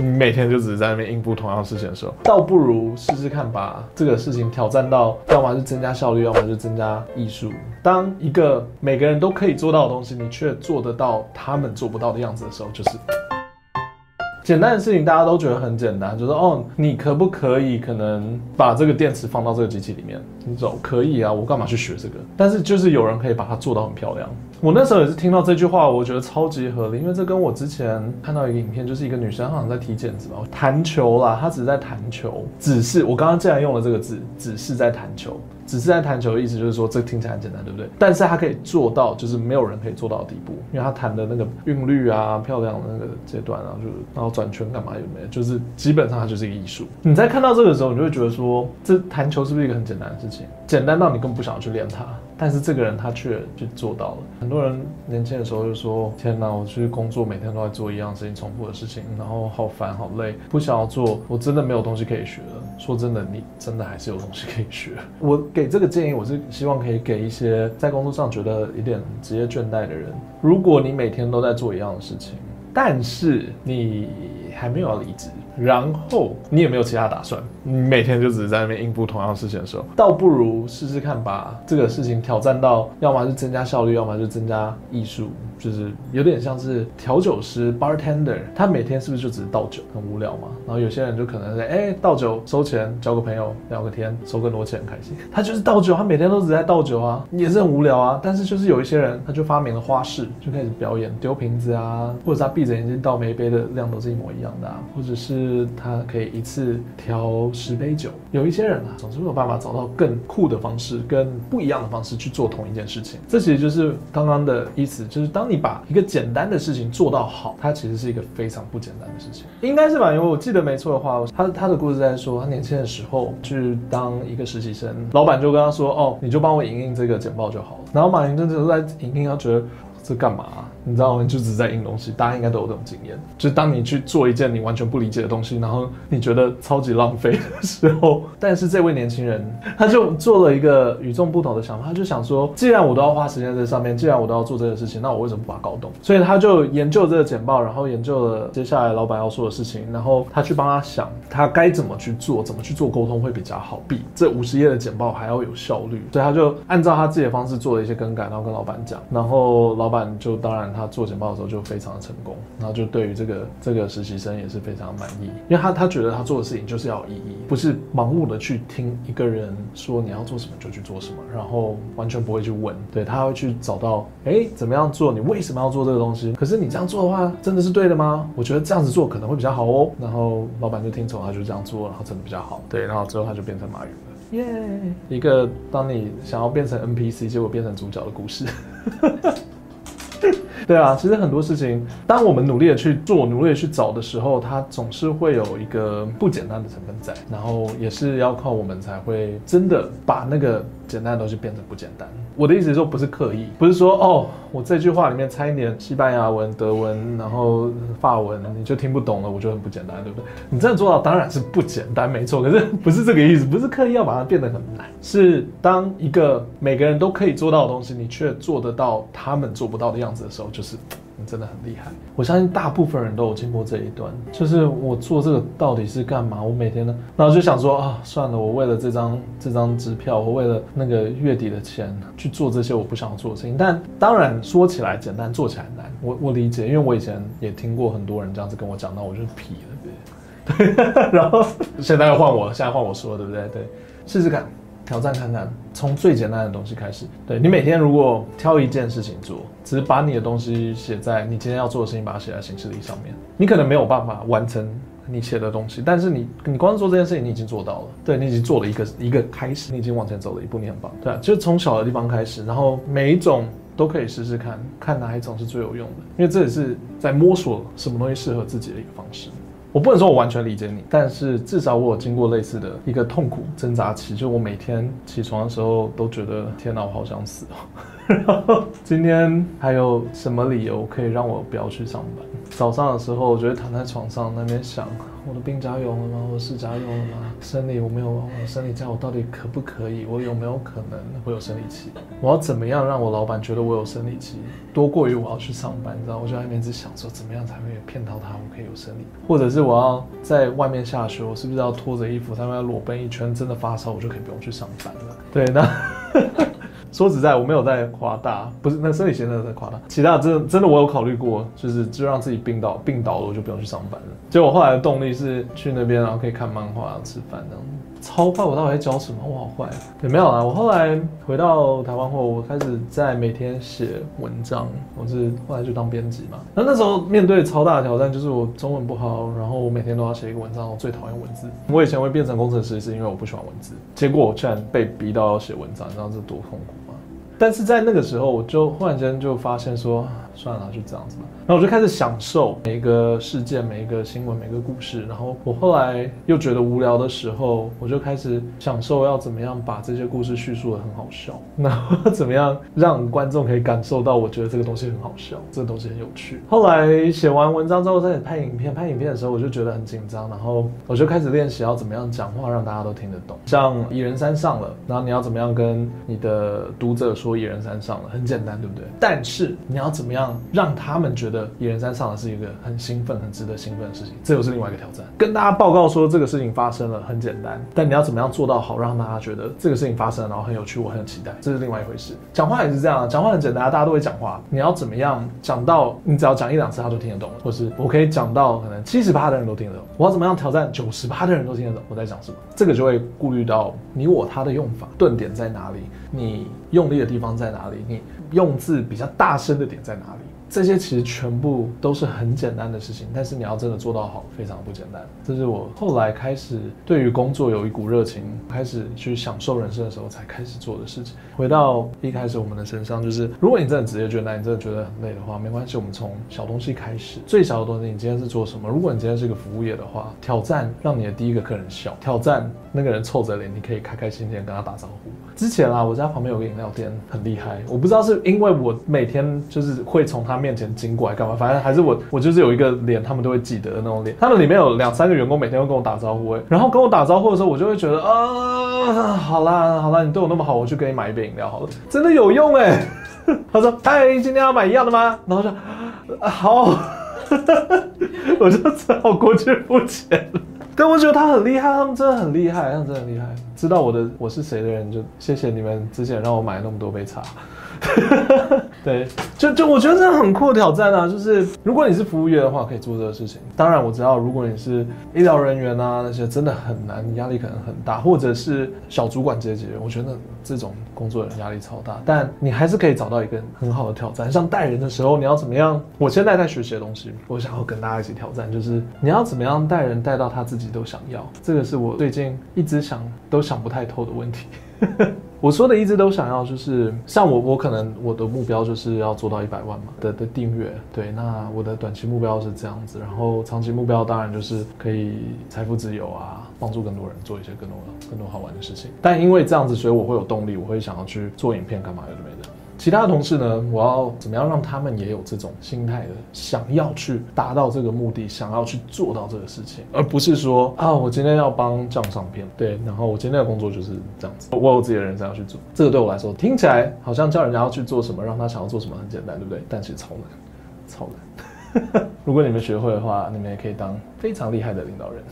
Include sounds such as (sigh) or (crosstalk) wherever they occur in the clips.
你每天就只是在那邊應付同樣事情的時候，倒不如試試看把這個事情挑戰到，要麼就增加效率，要麼就增加藝術。當一個每個人都可以做到的東西，你卻做得到他們做不到的樣子的時候，就是簡單的事情，大家都覺得很簡單，就是說哦，你可不可以可能把這個電池放到這個機器裡面？你走可以啊，我幹嘛去學這個？但是就是有人可以把它做到很漂亮。我那時候也是聽到這句話，我覺得超級合理，因為這跟我之前看到一個影片，就是一個女生好像在踢毽子吧，彈球啦，她只是在彈球，只是我剛剛竟然用了這個字，只是在彈球，只是在彈球的意思就是說這聽起來很簡單，對不對？但是她可以做到就是沒有人可以做到的地步，因為她彈的那個韻律啊，漂亮的那個階段、啊，然後就然後轉圈幹嘛有沒有？就是基本上它就是一個藝術。你在看到這個時候，你就會覺得說這彈球是不是一個很簡單的事？簡單到你更不想要去練它，但是這個人他卻去做到了。很多人年輕的時候就說：“天哪、啊，我去工作，每天都在做一樣事情，重複的事情，然後好煩好累，不想要做。”我真的沒有東西可以學了。說真的，你真的還是有東西可以學。我給這個建議，我是希望可以給一些在工作上覺得有點職業倦怠的人。如果你每天都在做一樣的事情，但是你還沒有要離職。然後你也沒有其他打算，你每天就只是在那邊應付同樣事情的時候，倒不如試試看把這個事情挑戰到，要麼是增加效率，要麼就增加藝術，就是有點像是調酒師 bartender，他每天是不是就只是倒酒，很無聊嘛？然後有些人就可能在哎、欸、倒酒收錢，交個朋友聊個天，收更多錢開心。他就是倒酒、啊，他每天都只在倒酒啊，也是很無聊啊。但是就是有一些人，他就發明了花式，就開始表演丟瓶子啊，或者他閉着眼睛倒每一杯的量都是一模一樣的，啊，或者是。是他可以一次調十杯酒。有一些人啊，總是沒有辦法找到更酷的方式、跟不一樣的方式去做同一件事情。這其實就是剛剛的意思，就是當你把一個簡單的事情做到好，它其實是一個非常不簡單的事情，應該是吧？因為我記得沒錯的話，他他的故事在說，他年輕的時候去當一個實習生，老闆就跟他說：“哦，你就幫我印印這個簡報就好了。”然後馬雲真的在印印，他覺得這幹嘛啊？你知道嗎？你就只在印東西，大家應該都有這種經驗。就當你去做一件你完全不理解的東西，然後你覺得超級浪費的時候，但是這位年輕人他就做了一個與眾不同的想法，他就想說，既然我都要花時間在上面，既然我都要做這個事情，那我為什麼不把它搞懂？所以他就研究了這個簡報，然後研究了接下來老闆要說的事情，然後他去幫他想他該怎麼去做，怎麼去做溝通會比較好，比這五十頁的簡報還要有效率。所以他就按照他自己的方式做了一些更改，然後跟老闆講，然後老闆就當然。他做簡報的時候就非常的成功，然後就對於這個這個實習生也是非常滿意，因為他他覺得他做的事情就是要有意義，不是盲目的去聽一個人說你要做什麼就去做什麼，然後完全不會去問。對，他會去找到，哎、欸，怎麼樣做？你為什麼要做這個東西？可是你這樣做的話，真的是對的嗎？我覺得這樣子做可能會比較好哦。然後老闆就聽從他就這樣做，然後真的比較好。對，然後之後他就變成馬雲了，耶，Yeah. 一個當你想要變成 NPC，結果變成主角的故事。Yeah. (laughs) 對啊，其實很多事情，當我們努力的去做，努力的去找的時候，它總是會有一個不簡單的成分在，然後也是要靠我們才會真的把那個簡單的東西變成不簡單。我的意思是說不是刻意，不是說哦，我這句話裡面摻一點西班牙文、德文，然後法文，你就聽不懂了，我就很不簡單，對不對？你真的做到當然是不簡單，沒錯，可是不是這個意思，不是刻意要把它變得很難，是當一個每個人都可以做到的東西，你卻做得到他們做不到的樣子的時候。就是你真的很厲害，我相信大部分人都有經過這一段。就是我做這個到底是幹嘛？我每天呢，然後就想說啊，算了，我為了這張這張支票，我為了那個月底的錢去做這些我不想做的事情。但當然說起來簡單，做起來難。我我理解，因為我以前也聽過很多人這樣子跟我講，那我就皮了，對不對？對，然後現在換我，現在換我說，對不對？對，試試看。挑戰看看，從最簡單的東西開始。對，你每天如果挑一件事情做，只是把你的東西寫在你今天要做的事情，把它寫在行事曆上面。你可能沒有辦法完成你寫的東西，但是你你光做這件事情，你已經做到了。對，你已經做了一個一個開始，你已經往前走了一步，你很棒。對啊，就是從小的地方開始，然後每一種都可以試試看，看哪一種是最有用的。因為這也是在摸索什麼東西適合自己的一個方式。我不能說我完全理解你，但是至少我有經過類似的一個痛苦掙扎期，就我每天起床的時候都覺得，天哪，我好想死啊、哦！ (laughs) 然後今天還有什麼理由可以讓我不要去上班？早上的時候，我覺得躺在床上那邊想。我的病假有了嗎？我的事假有了嗎？生理我沒有，我生理假我到底可不可以？我有沒有可能會有生理期？我要怎麼樣讓我老板覺得我有生理期？多過於我要去上班，你知道？我就在那邊一直想說，怎麼樣才會騙到他？我可以有生理，或者是我要在外面下雪，我是不是要脫着衣服，他們要裸奔一圈，真的發燒，我就可以不用去上班了？對，那。說實在，我沒有在誇大，不是，那身體生理現在在誇大。其他真的真的，真的我有考慮過，就是就讓自己病倒，病倒了我就不用去上班了。所以我後來的動力是去那邊，然後可以看漫畫，然後吃飯這樣子。超快！我到底在教什麼？我好壞也沒有啊！我後來回到台灣後，我開始在每天寫文章。我是後來就當編輯嘛。那那時候面對超大的挑戰，就是我中文不好，然後我每天都要寫一個文章，我最討厭文字。我以前會變成工程師，是因為我不喜歡文字。結果我居然被逼到要寫文章，你知道這多痛苦嗎？但是在那個時候我，我就忽然間就發現說。算了，就這樣子吧。然後我就開始享受每一個事件、每一個新聞、每一個故事。然後我後來又覺得無聊的時候，我就開始享受要怎麼樣把這些故事敘述的很好笑，然後怎麼樣讓觀眾可以感受到，我覺得這個東西很好笑，這個東西很有趣。後來寫完文章之後，再開始拍影片。拍影片的時候，我就覺得很緊張，然後我就開始練習要怎麼樣講話，讓大家都聽得懂。像《蟻人3》上了，然後你要怎麼樣跟你的讀者說《蟻人3》上了，很簡單，對不對？但是你要怎麼樣？讓他們覺得野人山上的是一個很興奮、很值得興奮的事情，這又是另外一個挑戰。跟大家報告說這個事情發生了很簡單，但你要怎麼樣做到好，讓大家覺得這個事情發生了然後很有趣、我很有期待，這是另外一回事。講話也是這樣，啊，講話很簡單、啊，大家都會講話。你要怎麼樣講到你只要講一兩次他就聽得懂，或是我可以講到可能七十八的人都聽得懂。我要怎麼樣挑戰九十八的人都聽得懂我在講什麼？這個就會顧慮到你、我、他的用法、頓點在哪裡，你用力的地方在哪裡，你用字比較大聲的點在哪裡。這些其實全部都是很簡單的事情，但是你要真的做到好，非常不簡單。這是我後來開始對於工作有一股熱情，開始去享受人生的時候才開始做的事情。回到一開始我們的身上，就是如果你真的職業倦怠，你真的覺得很累的話，沒關係，我們從小東西開始，最小的東西，你今天是做什麼？如果你今天是一個服務業的話，挑戰讓你的第一個客人笑，挑戰那個人臭着臉，你可以開開心心跟他打招呼。之前啦，我家旁邊有個飲料店，很厲害，我不知道是因為我每天就是會從他。面前經過來幹嘛？反正還是我，我就是有一個臉，他們都會記得的那種臉。他們裡面有兩三個員工，每天都跟我打招呼、欸，然後跟我打招呼的時候，我就會覺得、呃、啊，好啦好啦，你對我那麼好，我去給你買一杯飲料好了，真的有用哎、欸。 (laughs) 他說，哎、欸，今天要買一樣的嗎？然後說、啊，好， (laughs) 我就只好過去付錢。 (laughs) 但我覺得他很厲害，他們真的很厲害，他們真的很厲害。知道我的我是誰的人，就謝謝你們之前讓我買那麼多杯茶。 (laughs) 對，就就我覺得這很酷的挑戰啊！就是如果你是服務業的話，可以做這個事情。當然我知道，如果你是醫療人員啊，那些真的很難，你壓力可能很大，或者是小主管階級，我覺得這種工作人壓力超大。但你還是可以找到一個很好的挑戰，像帶人的時候你要怎麼樣？我現在在學習的東西，我想要跟大家一起挑戰，就是你要怎麼樣帶人帶到他自己都想要。這個是我最近一直想都想。不想不太透的問題， (laughs) 我說的一直都想要，就是像我，我可能我的目標就是要做到一百萬嘛的的訂閱，對，那我的短期目標是這樣子，然後長期目標當然就是可以財富自由啊，幫助更多人做一些更多更多好玩的事情，但因為這樣子，所以我會有動力，我會想要去做影片幹嘛的這邊。其他的同事呢？我要怎麼樣讓他們也有這種心態的，想要去達到這個目的，想要去做到這個事情，而不是說啊，我今天要幫賬上片，對，然後我今天的工作就是這樣子，我有自己的人生要去做。這個對我來說聽起來好像叫人家要去做什麼，讓他想要做什麼很簡單，對不對？但是超難，超難。 (laughs) 如果你們學會的話，你們也可以當非常厲害的領導人，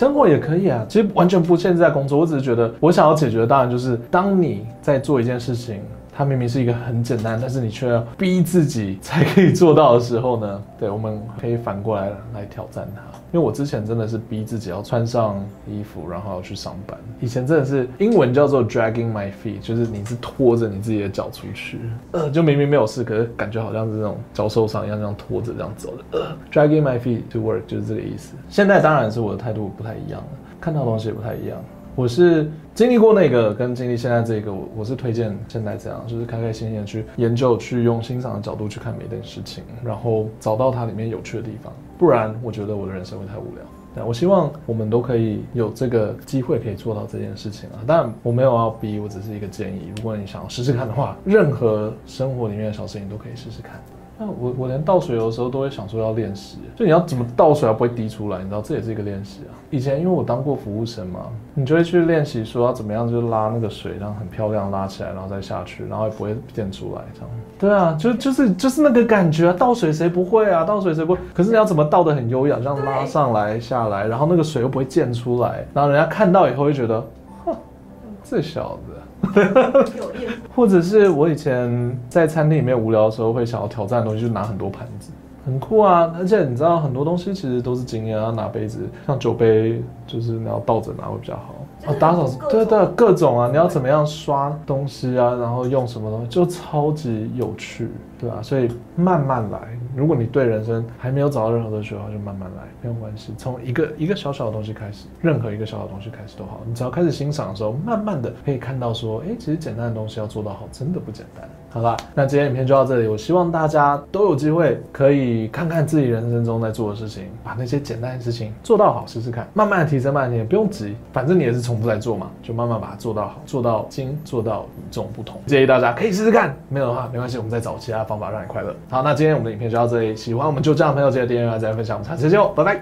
生活也可以啊。其實完全不限制在工作，我只是覺得我想要解決的，當然就是當你在做一件事情。它明明是一個很簡單，但是你卻要逼自己才可以做到的時候呢？對，我們可以反過來來挑戰它。因為我之前真的是逼自己要穿上衣服，然後要去上班。以前真的是英文叫做 dragging my feet，就是你是拖着你自己的腳出去，呃，就明明沒有事，可是感覺好像是這種腳受傷一樣，這樣拖着這樣走的。呃，dragging my feet to work 就是這個意思。現在當然是我的態度不太一樣了，看到東西也不太一樣。我是經歷過那個，跟經歷現在這個，我我是推薦現在這樣，就是開開心心的去研究，去用欣賞的角度去看每一件事情，然後找到它裡面有趣的地方。不然，我覺得我的人生會太無聊。但我希望我們都可以有這個機會，可以做到這件事情啊。但我沒有要逼，我只是一個建議。如果你想要試試看的話，任何生活裡面的小事情都可以試試看。那我我連倒水有的時候都會想說要練習，就你要怎麼倒水而不會滴出來，你知道這也是一個練習啊。以前因為我當過服務生嘛，你就會去練習說要怎麼樣，就拉那個水，然後很漂亮拉起來，然後再下去，然後也不會濺出來這樣。對啊，就就是就是那個感覺啊，倒水誰不會啊？倒水誰不會？可是你要怎麼倒得很優雅，這樣拉上來下來，然後那個水又不會濺出來，然後人家看到以後會覺得。這小子，有意思。或者是我以前在餐廳裡面無聊的時候，會想要挑戰的東西，就拿很多盤子，很酷啊。而且你知道，很多東西其實都是經驗啊，拿杯子，像酒杯，就是你要倒着拿會比較好。哦，打掃，對對，各種啊，你要怎麼樣刷東西啊，然後用什麼東西，就超級有趣，對吧？所以慢慢來，如果你對人生還沒有找到任何的訣竅，就慢慢來，沒有關係，從一個一個小小的東西開始，任何一個小小的東西開始都好，你只要開始欣賞的時候，慢慢的可以看到說，哎，其實簡單的東西要做到好，真的不簡單。好了，那今天影片就到這裡。我希望大家都有機會可以看看自己人生中在做的事情，把那些簡單的事情做到好，試試看，慢慢的提升，慢你也不用急，反正你也是重複在做嘛，就慢慢把它做到好，做到精，做到與眾不同。建議大家可以試試看，沒有的話沒關係，我們再找其他方法讓你快樂。好，那今天我們的影片就到這裡，喜歡我們就這樣，朋友記得訂閱、點讚、分享，我們下次見哦，拜拜。